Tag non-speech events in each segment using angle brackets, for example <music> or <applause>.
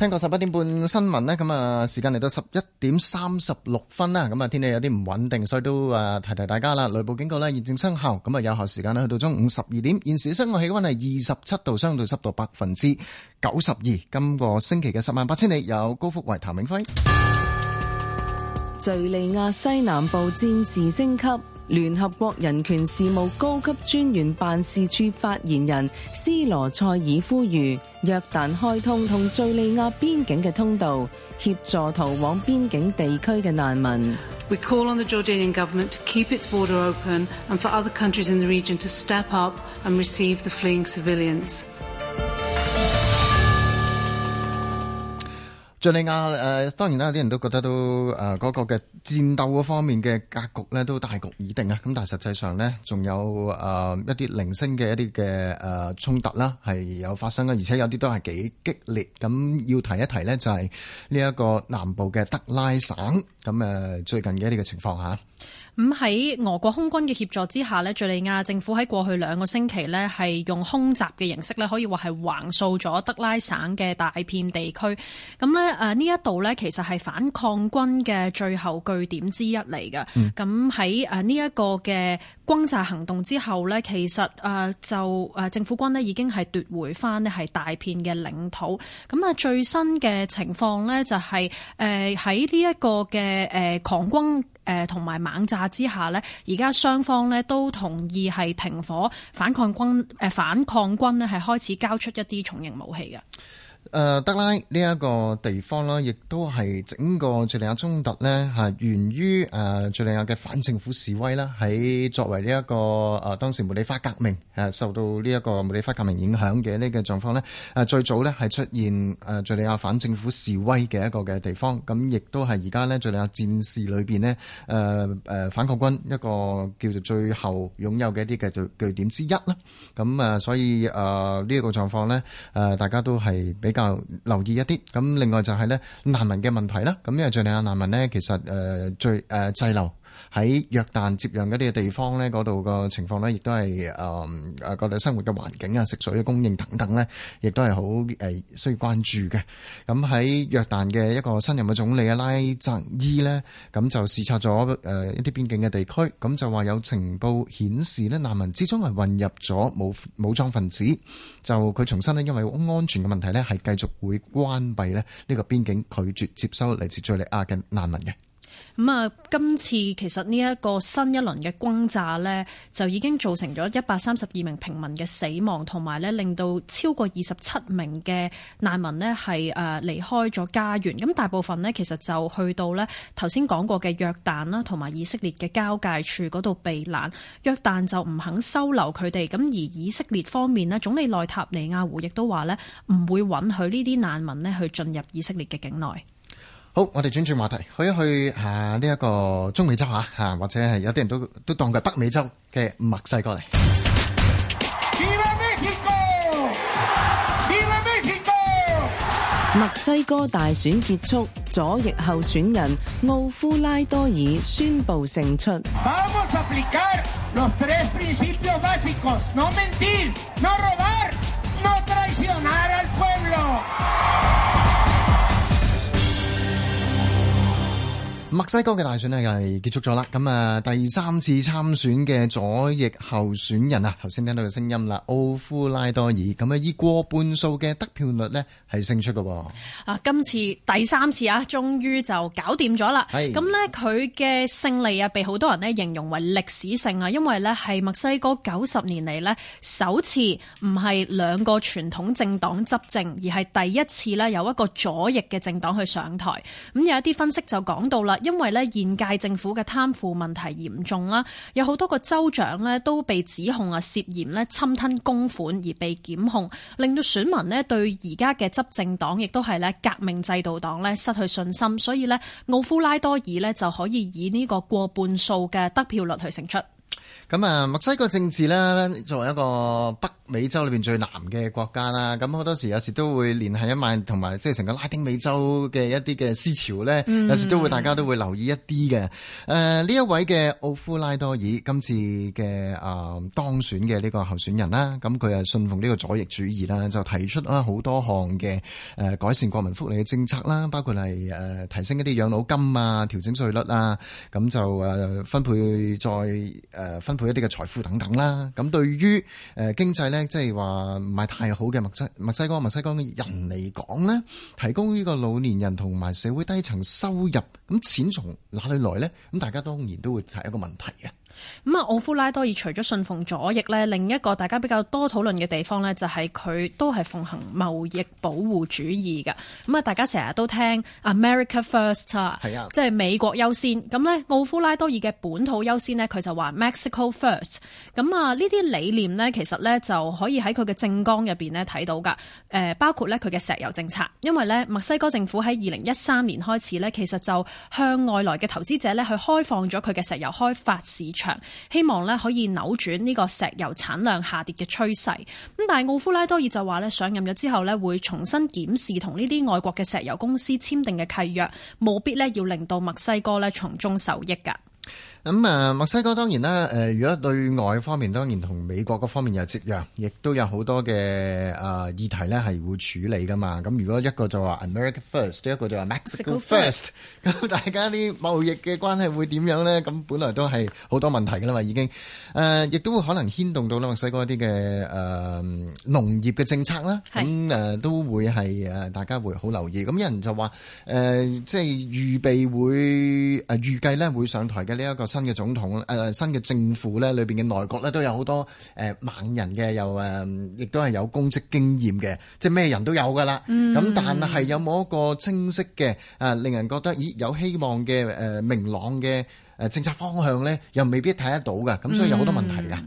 聽過十一點半新聞呢，咁啊時間嚟到十一點三十六分啦，咁啊天氣有啲唔穩定，所以都啊提提大家啦，雷暴警告呢，現正生效，咁啊有效時間呢，去到中午十二點。現時室外氣溫係二十七度，相對濕度百分之九十二。今個星期嘅十萬八千里有高福偉、譚永輝。敘利亞西南部戰事升級。聯合國人權事務高級專員辦事處發言人斯羅塞爾呼籲，約旦開通同敘利亞邊境嘅通道，協助逃往邊境地區嘅難民。We call on the Jordanian government to keep its border open, and for other countries in the region to step up and receive the fleeing civilians. 敘利亞，誒當然啦，有啲人都覺得都誒嗰個嘅戰鬥方面嘅格局咧都大局已定啊，咁但係實際上咧仲有誒一啲零星嘅一啲嘅誒衝突啦係有發生嘅，而且有啲都係幾激烈。咁要提一提咧就係呢一個南部嘅德拉省，咁誒最近嘅一啲嘅情況下。咁喺俄國空軍嘅協助之下呢，敍利亞政府喺過去兩個星期呢係用空襲嘅形式呢可以話係橫掃咗德拉省嘅大片地區。咁咧，啊呢一度呢，其實係反抗軍嘅最後據點之一嚟嘅。咁喺啊呢一個嘅轟炸行動之後呢，其實啊就啊政府軍呢已經係奪回翻咧係大片嘅領土。咁啊最新嘅情況呢就係誒喺呢一個嘅誒狂轟。誒同埋猛炸之下呢，而家雙方呢都同意係停火，反抗軍誒反抗軍呢係開始交出一啲重型武器嘅。誒，德拉呢一個地方啦，亦都係整個敘利亞衝突呢吓，源於誒敘利亞嘅反政府示威啦，喺作為呢、這、一個誒當時茉莉花革命誒受到呢一個茉莉花革命影響嘅呢個狀況呢誒最早呢係出現誒敘利亞反政府示威嘅一個嘅地方，咁亦都係而家呢敘利亞戰事裏邊呢誒誒反抗軍一個叫做最後擁有嘅一啲嘅據點之一啦。咁啊，所以誒呢、呃這個狀況呢誒大家都係比。比較留意一啲，咁另外就係咧難民嘅問題啦。咁因為敘利亞難民咧，其實誒、呃、最誒滯、呃、留。喺約旦接壤嗰啲地方咧，嗰度個情況咧，亦都係誒誒，度生活嘅環境啊、食水嘅供應等等咧，亦都係好誒需要關注嘅。咁喺約旦嘅一個新任嘅總理阿、mm -hmm. 拉扎伊呢，咁就視察咗誒一啲邊境嘅地區，咁就話有情報顯示呢難民之中係混入咗武武裝分子，就佢重新呢因為安全嘅問題呢，係繼續會關閉呢呢個邊境，拒絕接收嚟自敘利亞嘅難民嘅。咁啊，今次其實呢一個新一輪嘅轟炸呢，就已經造成咗一百三十二名平民嘅死亡，同埋呢令到超過二十七名嘅難民呢係誒離開咗家園。咁大部分呢，其實就去到呢頭先講過嘅約旦啦，同埋以色列嘅交界處嗰度避難。約旦就唔肯收留佢哋，咁而以色列方面呢，總理內塔尼亞胡亦都話呢，唔會允許呢啲難民呢去進入以色列嘅境內。好，我哋轉轉話題，去一去啊呢一個中美洲啊，啊或者係有啲人都都當佢係北美洲嘅墨西哥嚟。墨西哥大選結束，左翼候選人奧夫拉多爾宣布勝出。墨西哥嘅大選咧又係結束咗啦，咁啊第三次參選嘅左翼候選人啊，頭先聽到個聲音啦，奧夫拉多爾，咁啊以過半數嘅得票率呢係勝出㗎喎。啊，今次第三次啊，終於就搞掂咗啦。咁呢，佢、嗯、嘅勝利啊，被好多人呢形容為歷史性啊，因為呢係墨西哥九十年嚟呢首次唔係兩個傳統政黨執政，而係第一次呢有一個左翼嘅政黨去上台。咁有一啲分析就講到啦。因為呢現屆政府嘅貪腐問題嚴重啦，有好多個州長呢都被指控啊涉嫌呢侵吞公款而被檢控，令到選民呢對而家嘅執政黨，亦都係呢革命制度黨失去信心，所以呢奧夫拉多爾呢就可以以呢個過半數嘅得票率去勝出。咁啊，墨西哥政治咧，作為一個北美洲裏邊最南嘅國家啦，咁好多時有時都會聯繫一晚同埋即係成個拉丁美洲嘅一啲嘅思潮咧、嗯，有時都會大家都會留意一啲嘅。誒、呃、呢一位嘅奧夫拉多爾今次嘅啊、呃、當選嘅呢個候選人啦，咁佢係信奉呢個左翼主義啦，就提出啦好多項嘅誒改善國民福利嘅政策啦，包括係誒、呃、提升一啲養老金啊、調整稅率啦、啊，咁就誒、呃、分配再誒、呃、分。佢一啲嘅財富等等啦，咁對於誒經濟咧，即係話唔係太好嘅墨西墨西哥墨西哥嘅人嚟講咧，提供呢個老年人同埋社會低層收入，咁錢從哪裏來咧？咁大家當然都會提一個問題嘅。咁啊，奧夫拉多爾除咗信奉左翼呢，另一個大家比較多討論嘅地方呢，就係佢都係奉行貿易保護主義嘅。咁啊，大家成日都聽 America First，即係美國優先。咁呢，奧夫拉多爾嘅本土優先呢，佢就話 Mexico First。咁啊，呢啲理念呢，其實呢就可以喺佢嘅政綱入面呢睇到噶。誒，包括呢佢嘅石油政策，因為呢墨西哥政府喺二零一三年開始呢，其實就向外來嘅投資者呢去開放咗佢嘅石油開發市場。希望咧可以扭轉呢個石油產量下跌嘅趨勢，咁但係奧夫拉多爾就話咧上任咗之後咧會重新檢視同呢啲外國嘅石油公司簽訂嘅契約，務必咧要令到墨西哥咧從中受益噶。咁、嗯、啊，墨西哥當然啦，誒、呃、如果對外方面當然同美國嗰方面有接壤，亦都有好多嘅誒、呃、議題咧，係會處理噶嘛。咁如果一個就話 America First，一個就話 Mexico First，咁大家啲貿易嘅關係會點樣咧？咁本來都係好多問題噶啦嘛，已經誒亦、呃、都會可能牽動到啦墨西哥一啲嘅誒農業嘅政策啦。咁誒、嗯呃、都會係誒大家會好留意。咁、嗯、有人就話誒即係預備會誒預計咧會上台嘅呢一個，新嘅總統，誒新嘅政府咧，裏邊嘅內閣咧，都有好多誒猛人嘅，又誒，亦都係有公職經驗嘅，即係咩人都有噶啦。咁但係有冇一個清晰嘅誒，令人覺得咦有希望嘅誒明朗嘅誒政策方向咧，又未必睇得到㗎。咁所以有好多問題㗎。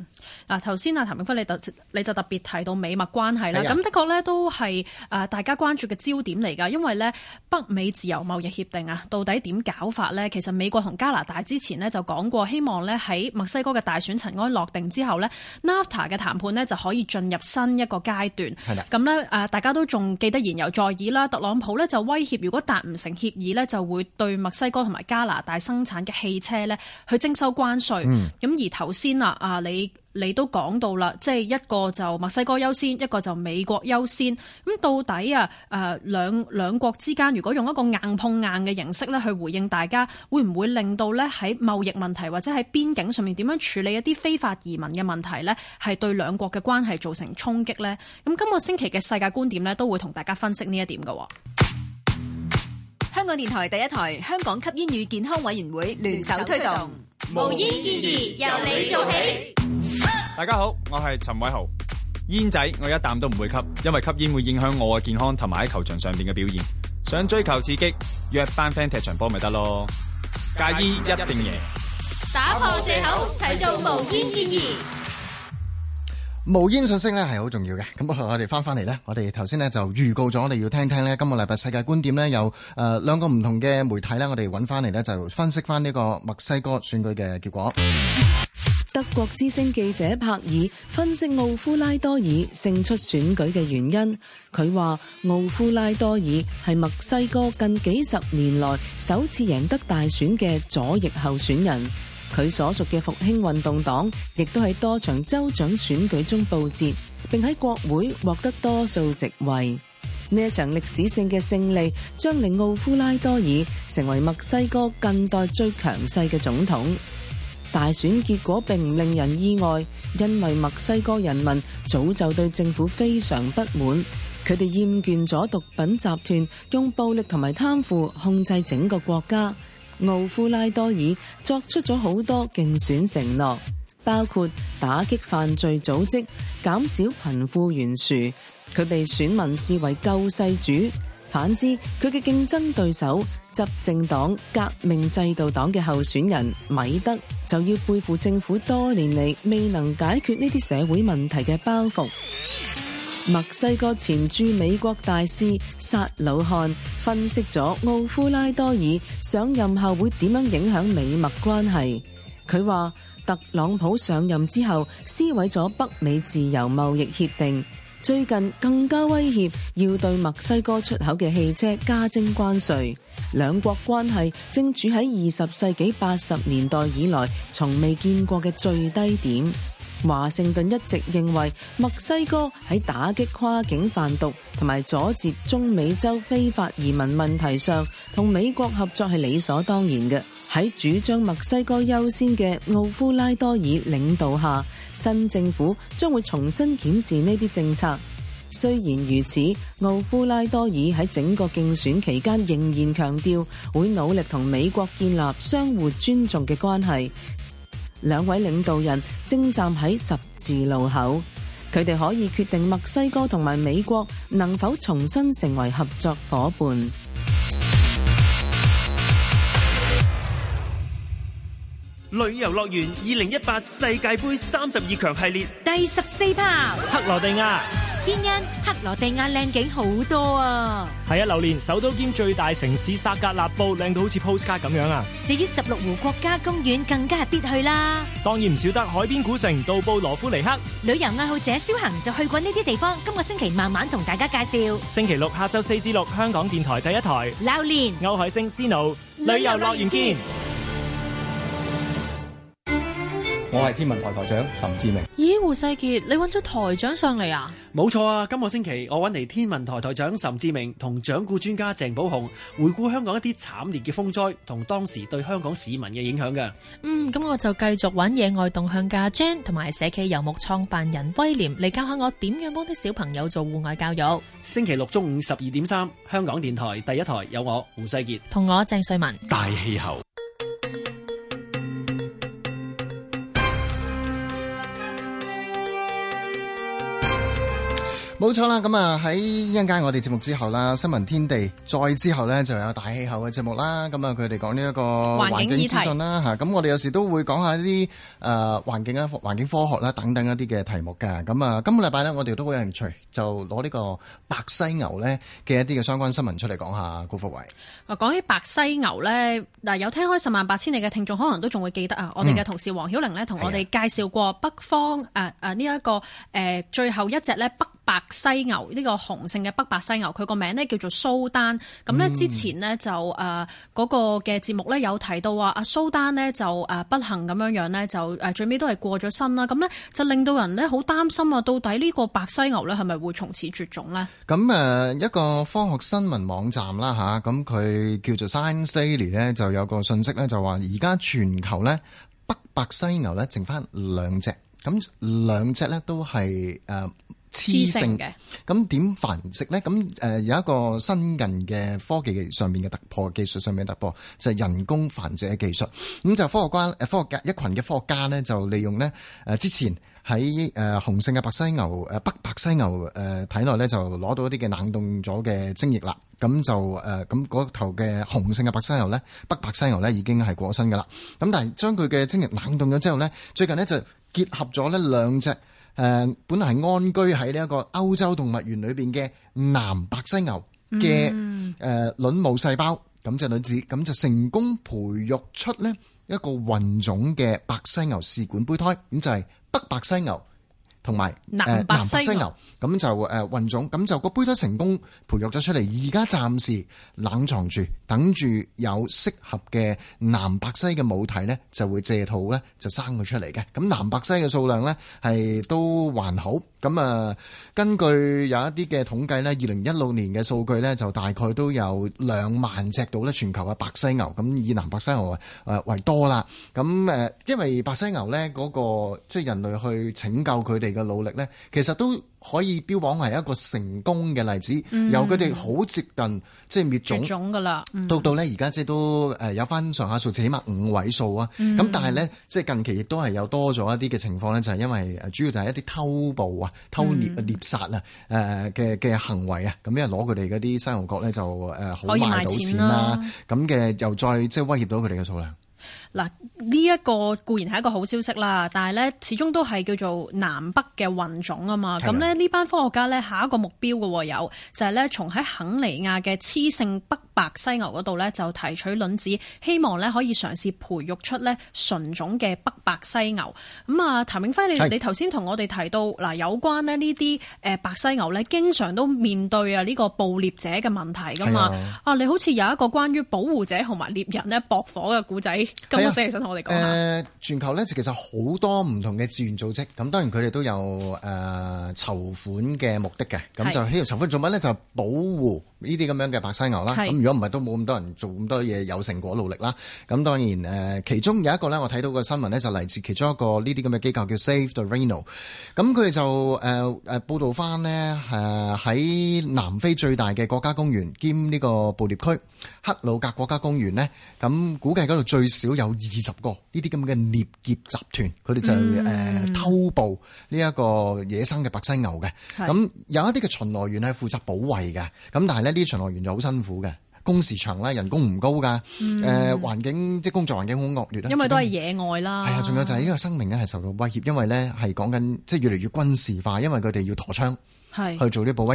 嗱，頭先啊，譚永輝，你特你就特別提到美墨關係啦。咁的，的確呢，都係誒大家關注嘅焦點嚟㗎，因為呢北美自由貿易協定啊，到底點搞法呢？其實美國同加拿大之前呢，就講過，希望呢喺墨西哥嘅大選塵埃落定之後呢 NAFTA 嘅談判呢就可以進入新一個階段。咁呢，大家都仲記得言猶在耳啦。特朗普呢就威脅，如果達唔成協議呢，就會對墨西哥同埋加拿大生產嘅汽車呢去徵收關稅。咁、嗯、而頭先啊啊，你。你都講到啦，即係一個就墨西哥優先，一個就美國優先。咁到底啊，誒、呃、兩兩國之間，如果用一個硬碰硬嘅形式咧，去回應大家，會唔會令到咧喺貿易問題或者喺邊境上面點樣處理一啲非法移民嘅問題咧，係對兩國嘅關係造成衝擊呢？咁今個星期嘅世界觀點呢都會同大家分析呢一點嘅。香港電台第一台、香港吸煙與健康委員會聯手推動。無煙健兒由你做起。大家好，我係陳偉豪。煙仔我一啖都唔會吸，因為吸煙會影響我嘅健康同埋喺球場上邊嘅表現。想追求刺激，約班 friend 踢場波咪得咯。戒煙一定贏，打破借口，齊做無煙健兒。無煙訊息咧係好重要嘅，咁我哋翻翻嚟呢，我哋頭先呢就預告咗，我哋要聽聽呢，今個禮拜世界觀點呢有誒兩個唔同嘅媒體呢，我哋揾翻嚟呢就分析翻呢個墨西哥選舉嘅結果。德國之聲記者帕爾分析奧夫拉多爾勝出選舉嘅原因，佢話奧夫拉多爾係墨西哥近幾十年來首次贏得大選嘅左翼候選人。佢所屬嘅復興運動黨亦都喺多場州長選舉中報捷，並喺國會獲得多數席位。呢一場歷史性嘅勝利，將令奧夫拉多爾成為墨西哥近代最強勢嘅總統。大選結果並唔令人意外，因為墨西哥人民早就對政府非常不滿，佢哋厭倦咗毒品集團用暴力同埋貪腐控制整個國家。奧夫拉多爾作出咗好多競選承諾，包括打擊犯罪組織、減少貧富懸殊。佢被選民視為救世主。反之，佢嘅競爭對手執政黨革命制度黨嘅候選人米德就要背負政府多年嚟未能解決呢啲社會問題嘅包袱。墨西哥前駐美國大使薩魯漢分析咗奧夫拉多爾上任後會點樣影響美墨關係。佢話特朗普上任之後撕毀咗北美自由貿易協定，最近更加威脅要對墨西哥出口嘅汽車加徵關稅，兩國關係正處喺二十世紀八十年代以來從未見過嘅最低點。華盛頓一直認為墨西哥喺打擊跨境販毒同埋阻截中美洲非法移民問題上，同美國合作係理所當然嘅。喺主張墨西哥優先嘅奧夫拉多爾領導下，新政府將會重新檢視呢啲政策。雖然如此，奧夫拉多爾喺整個競選期間仍然強調會努力同美國建立相互尊重嘅關係。兩位領導人正站喺十字路口，佢哋可以決定墨西哥同埋美國能否重新成為合作伙伴。旅遊樂園二零一八世界盃三十二強系列第十四炮，克羅地亞。天恩，克羅地亞靚景好多啊！係啊，留連首都兼最大城市薩格勒布，靚到好似 postcard 咁樣啊！至於十六湖國家公園，更加係必去啦！當然唔少得海邊古城杜布羅夫尼克。旅遊愛好者蕭恆就去過呢啲地方，今個星期慢慢同大家介紹。星期六下晝四至六，香港電台第一台留連歐海星 Snow 旅遊樂園見。我係天文台台長岑志明。咦，胡世杰，你揾咗台長上嚟啊？冇錯啊！今個星期我揾嚟天文台台長岑志明同掌故專家鄭寶雄回顧香港一啲慘烈嘅風災同當時對香港市民嘅影響嘅。嗯，咁我就繼續揾野外動向嘅 Jan 同埋社企游牧創辦人威廉嚟教下我點樣幫啲小朋友做戶外教育。星期六中午十二點三，香港電台第一台有我胡世杰同我鄭瑞文大氣候。冇錯啦，咁啊喺一陣間我哋節目之後啦，新聞天地再之後咧就有大氣候嘅節目啦。咁啊，佢哋講呢一個環境資訊啦，吓，咁我哋有時都會講下啲誒環境啦、環境科學啦等等一啲嘅題目嘅。咁、嗯、啊，今個禮拜呢，我哋都好有興趣，就攞呢個白犀牛咧嘅一啲嘅相關新聞出嚟講下。高福偉，講起白犀牛咧，嗱，有聽開十萬八千里嘅聽眾可能都仲會記得啊，我哋嘅同事黃曉玲咧同我哋介紹過北方誒誒呢一個誒最後一隻咧北白。犀牛呢、這個雄性嘅北白犀牛，佢個名咧叫做蘇丹。咁、嗯、咧之前呢就誒嗰、呃那個嘅節目呢有提到話，阿蘇丹呢就誒不幸咁樣樣咧就誒最尾都係過咗身啦。咁呢就令到人呢好擔心啊！到底呢個白犀牛呢係咪會從此絕種呢？咁誒、呃，一個科學新聞網站啦吓，咁、啊、佢叫做 Science Daily 咧就有個信息，呢就話，而家全球呢北白犀牛呢剩返兩隻，咁兩隻呢都係誒。呃雌性嘅，咁點繁殖呢？咁、呃、誒有一個新近嘅科技上面嘅突破，技術上面嘅突破就係、是、人工繁殖嘅技術。咁就科學家科學家一群嘅科學家呢，就利用呢誒、呃、之前喺誒雄性嘅白犀牛誒、呃、北白犀牛誒、呃、體內呢，就攞到一啲嘅冷凍咗嘅精液啦。咁就誒咁嗰頭嘅雄性嘅白犀牛呢，北白犀牛呢已經係過身噶啦。咁但係將佢嘅精液冷凍咗之後呢，最近呢就結合咗呢兩隻。誒，本來係安居喺呢一個歐洲動物園裏邊嘅南白犀牛嘅誒卵母細胞，咁就係女子咁就成功培育出咧一個混種嘅白犀牛試管胚胎，咁就係、是、北白犀牛。同埋南白犀牛咁就誒混種，咁就個胚胎成功培育咗出嚟，而家暫時冷藏住，等住有適合嘅南白犀嘅母體咧，就會借肚咧就生佢出嚟嘅。咁南白犀嘅數量咧係都還好。咁啊，根據有一啲嘅統計咧，二零一六年嘅數據咧，就大概都有兩萬隻到咧全球嘅白犀牛，咁以南白犀牛啊誒為多啦。咁誒，因為白犀牛咧、那、嗰個即係人類去拯救佢哋嘅努力咧，其實都，可以標榜為一個成功嘅例子，由佢哋好接近即係滅種嘅啦、嗯，到到咧而家即係都誒有翻上下數字，起碼五位數啊。咁、嗯、但係咧，即係近期亦都係有多咗一啲嘅情況咧，就係、是、因為主要就係一啲偷捕啊、偷獵啊、獵、嗯、殺啊誒嘅嘅行為啊，咁因為攞佢哋嗰啲犀牛角咧就誒好賣到錢啦，咁嘅又再即係威脅到佢哋嘅數量。嗱，呢一個固然係一個好消息啦，但係咧，始終都係叫做南北嘅混種啊嘛。咁咧，呢班科學家咧，下一個目標嘅有就係咧，從喺肯尼亞嘅雌性北白犀牛嗰度咧，就提取卵子，希望咧可以嘗試培育出咧純種嘅北白犀牛。咁、嗯、啊，譚永輝，你你頭先同我哋提到嗱，有關咧呢啲誒白犀牛咧，經常都面對啊呢個捕獵者嘅問題噶嘛。啊，你好似有一個關於保護者同埋獵人咧駁火嘅故仔。想同我哋講啊！全球咧其實好多唔同嘅志願組織，咁當然佢哋都有誒、呃、籌款嘅目的嘅，咁就希望籌款做乜咧？就保護呢啲咁樣嘅白犀牛啦。咁如果唔係，都冇咁多人做咁多嘢，有成果努力啦。咁當然誒、呃，其中有一個咧，我睇到個新聞咧，就嚟自其中一個呢啲咁嘅機構叫 Save the Rhino。咁佢哋就誒誒報導翻呢，誒、呃、喺南非最大嘅國家公園兼呢個捕獵區克魯格國家公園咧，咁估計嗰度最少有二十個呢啲咁嘅獵劫集團，佢哋就誒、是嗯呃，偷捕呢一個野生嘅白犀牛嘅。咁有一啲嘅巡邏員係負責保衛嘅，咁但係咧呢啲巡邏員就好辛苦嘅，工時長啦，人工唔高噶，誒環境即係工作環境好惡劣啊。因為都係野外啦。係啊，仲有就係呢個生命咧係受到威脅，因為咧係講緊即係越嚟越軍事化，因為佢哋要陀槍。係去做啲捕捕火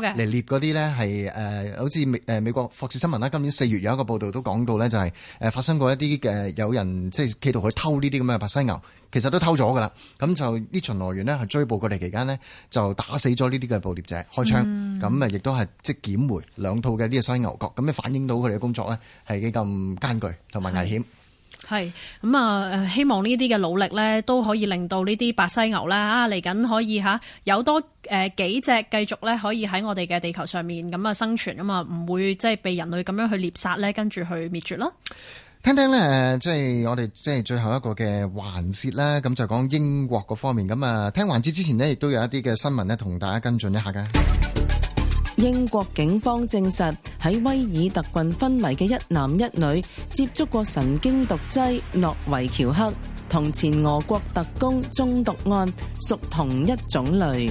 嘅嚟獵嗰啲咧係誒，好似美誒、呃、美國《霍士新聞》啦，今年四月有一個報導都講到咧、就是，就係誒發生過一啲嘅、呃、有人即係企圖去偷呢啲咁嘅白犀牛，其實都偷咗㗎啦。咁就呢巡邏員呢，係追捕佢哋期間呢，就打死咗呢啲嘅捕獵者，開槍。咁誒亦都係即係檢回兩套嘅呢個犀牛角，咁樣反映到佢哋嘅工作咧係幾咁艱巨同埋危險。係咁啊！希望呢啲嘅努力咧，都可以令到呢啲白犀牛咧啊嚟緊可以吓有多誒幾隻繼續咧可以喺我哋嘅地球上面咁啊生存啊嘛，唔會即係被人類咁樣去獵殺咧，跟住去滅絕咯。聽聽咧，即係我哋即係最後一個嘅環節啦。咁就講英國嗰方面咁啊。聽環節之前咧，亦都有一啲嘅新聞咧，同大家跟進一下㗎。英國警方證實，喺威爾特郡昏迷嘅一男一女接觸過神經毒劑諾維喬克，同前俄國特工中毒案屬同一種類。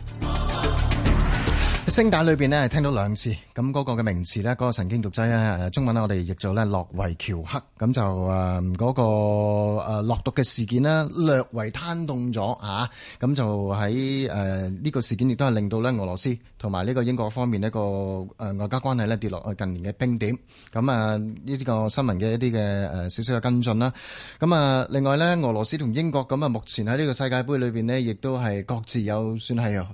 聲帶裏面呢聽到兩次咁嗰、那個嘅名詞呢嗰、那個神經毒劑咧，中文我哋譯做呢諾維喬克，咁就誒嗰、那個落毒嘅事件呢略為攤動咗啊！咁就喺誒呢個事件亦都係令到呢俄羅斯同埋呢個英國方面呢個誒外交關係呢跌落去近年嘅冰點。咁啊呢個新聞嘅一啲嘅誒少少嘅跟進啦。咁啊另外呢，俄羅斯同英國咁啊，目前喺呢個世界盃裏面呢，亦都係各自有算係，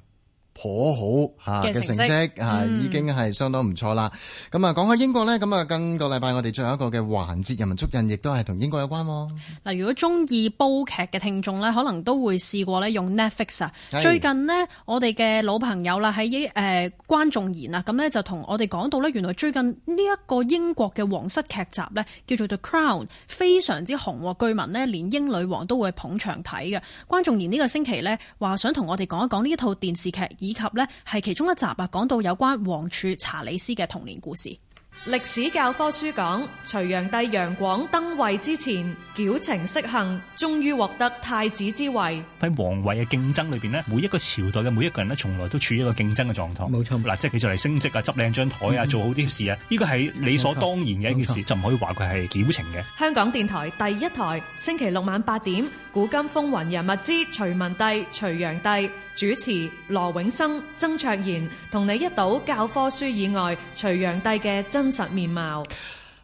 頗好嘅成績嚇、嗯，已經係相當唔錯啦。咁啊，講下英國咧，咁啊，今個禮拜我哋最後一個嘅環節人文足印亦都係同英國有關嗱、哦，如果中意煲劇嘅聽眾咧，可能都會試過咧用 Netflix 啊。最近咧，我哋嘅老朋友啦，喺、呃、誒關仲然啊，咁咧就同我哋講到咧，原來最近呢一個英國嘅皇室劇集咧，叫做 The Crown，非常之紅紅，據聞咧連英女王都會捧場睇嘅。關仲然呢個星期咧話想同我哋講一講呢一套電視劇。以及咧係其中一集啊，講到有關王儲查理斯嘅童年故事。歷史教科書講，隋煬帝楊廣登位之前，矯情識行，終於獲得太子之位。喺皇位嘅競爭裏邊呢，每一個朝代嘅每一個人呢，從來都處於一個競爭嘅狀態。冇錯，嗱，即係佢就嚟升職啊，執靚張台啊，做好啲事啊，呢個係理所當然嘅一件事，就唔可以話佢係矯情嘅。香港電台第一台星期六晚八點《古今風雲人物之隋文帝、隋煬帝》，主持羅永生、曾卓然，同你一睹教科書以外隋煬帝嘅真。真實面貌，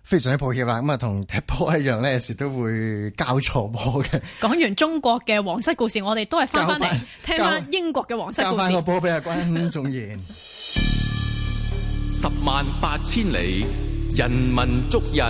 非常之抱歉啦。咁啊，同踢波一樣咧，有時都會交錯波嘅。講完中國嘅皇室故事，我哋都係翻翻嚟聽翻英國嘅皇室故事。交翻個波俾阿關仲然，十萬八千里，人文足印。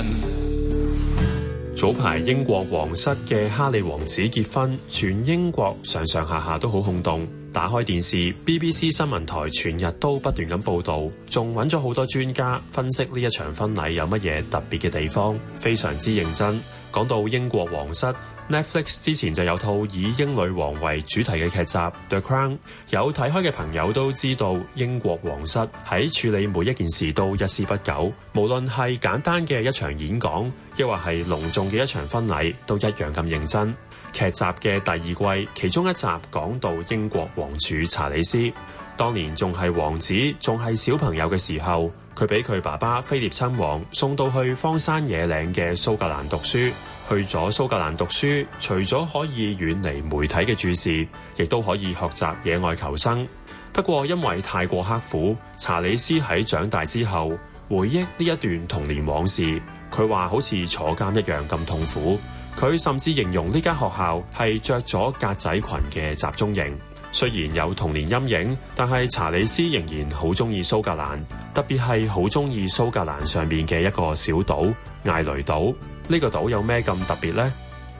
早排英國皇室嘅哈利王子結婚，全英國上上下下都好轟動。打開電視，BBC 新聞台全日都不斷咁報道，仲揾咗好多專家分析呢一場婚禮有乜嘢特別嘅地方，非常之認真。講到英國皇室，Netflix 之前就有套以英女王為主題嘅劇集《The Crown》，有睇開嘅朋友都知道，英國皇室喺處理每一件事都一絲不苟，無論係簡單嘅一場演講，亦或係隆重嘅一場婚禮，都一樣咁認真。劇集嘅第二季，其中一集講到英國王儲查理斯，當年仲係王子，仲係小朋友嘅時候，佢俾佢爸爸菲臘親王送到去荒山野嶺嘅蘇格蘭讀書。去咗蘇格蘭讀書，除咗可以遠離媒體嘅注視，亦都可以學習野外求生。不過因為太過刻苦，查理斯喺長大之後回憶呢一段童年往事，佢話好似坐監一樣咁痛苦。佢甚至形容呢間學校係着咗格仔裙嘅集中營，雖然有童年陰影，但係查理斯仍然好中意蘇格蘭，特別係好中意蘇格蘭上面嘅一個小島艾雷島。呢、這個島有咩咁特別呢？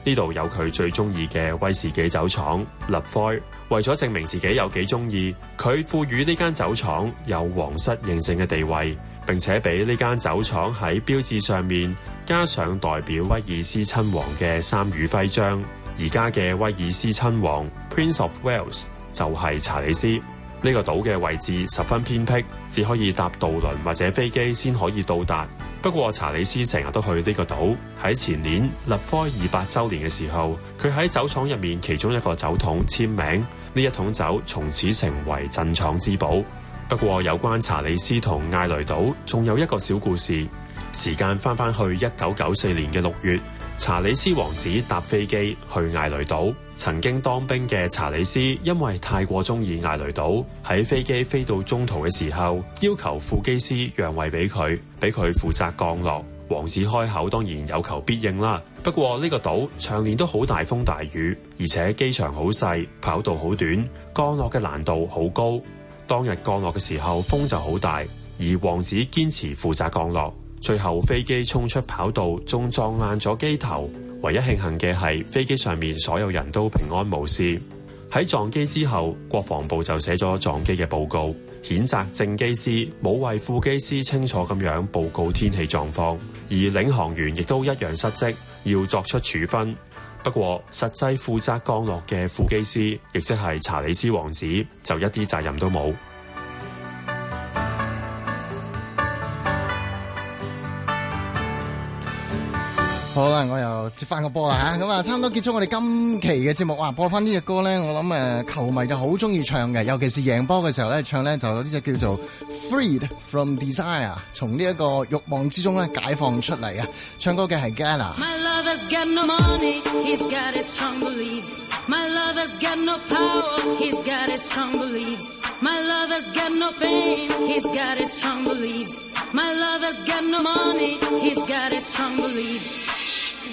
呢度有佢最中意嘅威士忌酒廠拉菲。Lavoy, 為咗證明自己有幾中意，佢賦予呢間酒廠有皇室認證嘅地位。並且俾呢間酒廠喺標誌上面加上代表威爾斯親王嘅三羽徽章。而家嘅威爾斯親王 Prince of Wales 就係查理斯。呢、這個島嘅位置十分偏僻，只可以搭渡輪或者飛機先可以到達。不過查理斯成日都去呢個島。喺前年立科二百週年嘅時候，佢喺酒廠入面其中一個酒桶簽名。呢一桶酒從此成為鎮廠之寶。不過有關查理斯同艾雷島，仲有一個小故事。時間翻返去一九九四年嘅六月，查理斯王子搭飛機去艾雷島。曾經當兵嘅查理斯，因為太過中意艾雷島，喺飛機飛到中途嘅時候，要求副機師讓位俾佢，俾佢負責降落。王子開口當然有求必應啦。不過呢個島長年都好大風大雨，而且機場好細，跑道好短，降落嘅難度好高。當日降落嘅時候風就好大，而王子堅持負責降落，最後飛機衝出跑道，仲撞爛咗機頭。唯一慶幸嘅係飛機上面所有人都平安無事。喺撞機之後，國防部就寫咗撞機嘅報告，譴責正機師冇為副機師清楚咁樣報告天氣狀況，而領航員亦都一樣失職，要作出處分。不過，實際負責降落嘅副機師，亦即係查理斯王子，就一啲責任都冇。好啦，我又接翻個波啦吓，咁啊，差唔多結束我哋今期嘅節目。啊，播翻呢隻歌咧，我諗誒，球迷就好中意唱嘅，尤其是贏波嘅時候咧，唱咧就有呢隻叫做 Freed from Desire，從呢一個欲望之中咧解放出嚟啊！唱歌嘅係 Gala。My love has got no money, He's got his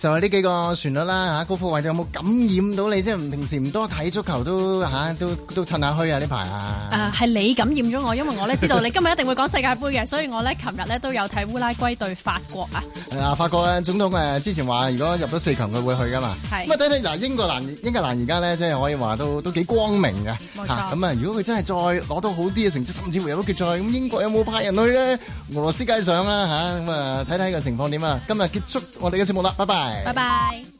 就係、是、呢幾個旋律啦嚇，高富偉有冇感染到你？即係平時唔多睇足球都嚇、啊，都都趁下虛啊！呢排啊，誒係你感染咗我，因為我咧知道你今日一定會講世界盃嘅， <laughs> 所以我咧琴日咧都有睇烏拉圭對法國啊。誒法國嘅總統之前話，如果入咗四強佢會去噶嘛。咁啊，睇睇嗱，英格蘭英格蘭而家咧即係可以話到都、都幾光明嘅。咁啊，如果佢真係再攞到好啲嘅成績，甚至乎有得決賽，咁英國有冇派人去咧？俄羅斯街上啦、啊、嚇，咁啊睇睇個情況點啊！今日結束我哋嘅節目啦，拜拜。拜拜。